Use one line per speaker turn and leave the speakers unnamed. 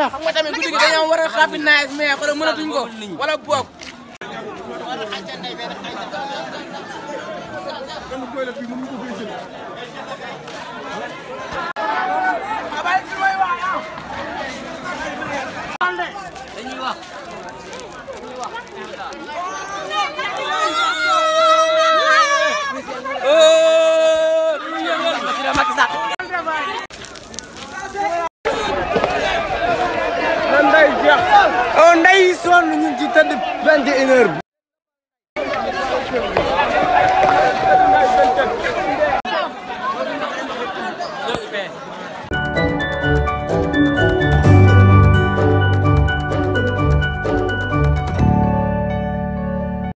la xam nga tamit guddi gi dañoo war a xaafi naaj
mais xoolal mënatuñ ko wala boog.
dañuy wax dañuy wax
sonn ñu ngi ci tëdd vingt et une heures
bi